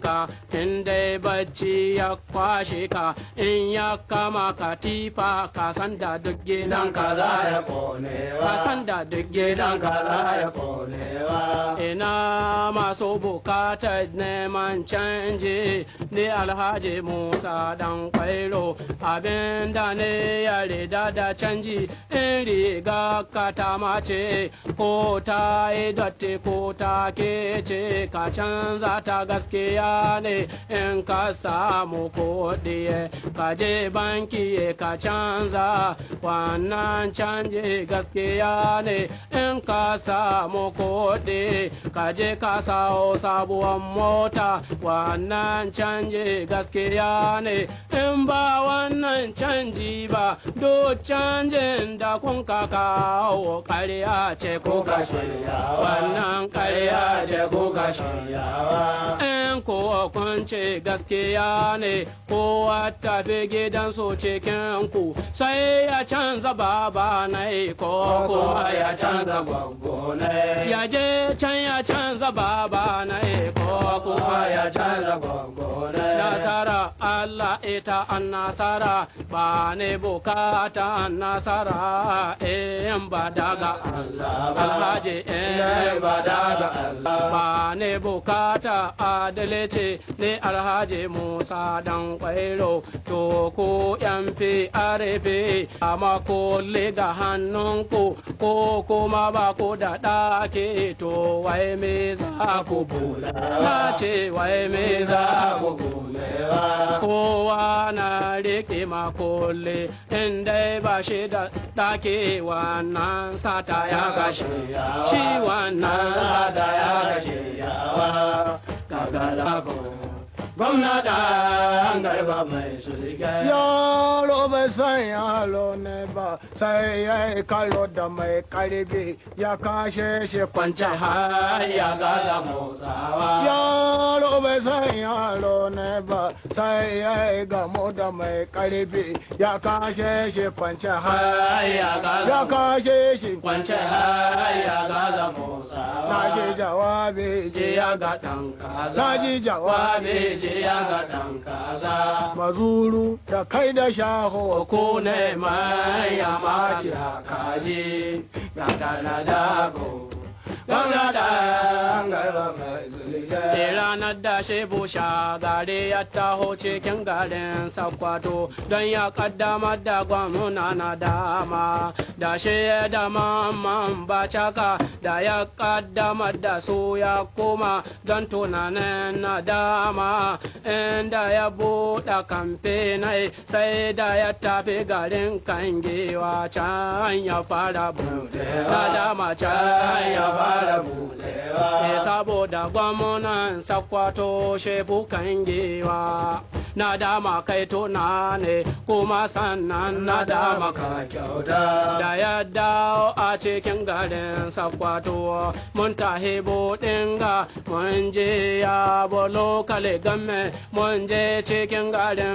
ka in dai bacci ya kwashe ka in ya kama katifa ka san da duk gidan ka za ya konewa ka san da duk gidan ka za ya konewa ina masu bukatar neman canji ni alhaji musa dan kwairo abin da ne ya rida da canji in riga ka ta mace ko ta yi dotti ko ta kece ka canza ta gaske gaskiya ne in ka samu kuɗi ka je banki ka canza wannan canji gaskiya ne in ka samu kuɗi ka je ka sawo sabuwar mota wannan canji gaskiya ne in ba wannan canji ba duk canjin da kun ka kawo ƙarya ce ka shirya wannan ƙarya ce ka shiryawa kowa kwance gaskiya ne kowa tafi gidan su cikin ku sai ya canza baba na ko kowa ya canza gwaggo ya je can ya canza baba na ko kowa ya canza gwaggo nasara Allah ita an nasara ba ne bukata an nasara in ba daga Allah ba je in ba daga Allah ba ne bukata adalece ne alhaji Musa dan kwairo to ku yan fi arefe amma ko ga hannunku ko kuma ba ku da ɗake to wai me za ku bula ce wai me za ku bula rike makolle in dai ba shi da dake wannan sata ya gashi shi wannan sata ya gashi yawa gagara ko gwamna da garba mai sulke. Yaro bai san yalo ne ba sai ya yi kalo da mai karibi ya kashe shi kwanci har ya gaza motsawa. Yaro bai san yalo ba sai ya ga da mai karfi ya kashe shi kwance ya kashe shi kwance ya gaza musa na ji jawabi je ya ga dan kaza na ji jawabi je ya ga dan kaza mazuru da kai da shaho ko ne mai ya maci kaji ga da na dago Ganga da, ganga da mai Da eh, ranar da shebu shagare ya taho cikin garin sakwato don ya kaddamar da gwamnuna na dama. Da shi ya dama man caka da ya kaddamar da su ya koma don tunanin na dama. Inda ya buɗe kamfe sai da ya tafi garin kangewa can ya fara buɗewa. Na dama can ya fara buɗewa. Eh, saboda gwamnuna nonon sakwato shebukan giwa na dama kai tona ne kuma sannan na dama ka kyauta da yadda a cikin garin sakwato mun tahi buɗin ga mun je ya bolo kale game mun je cikin garin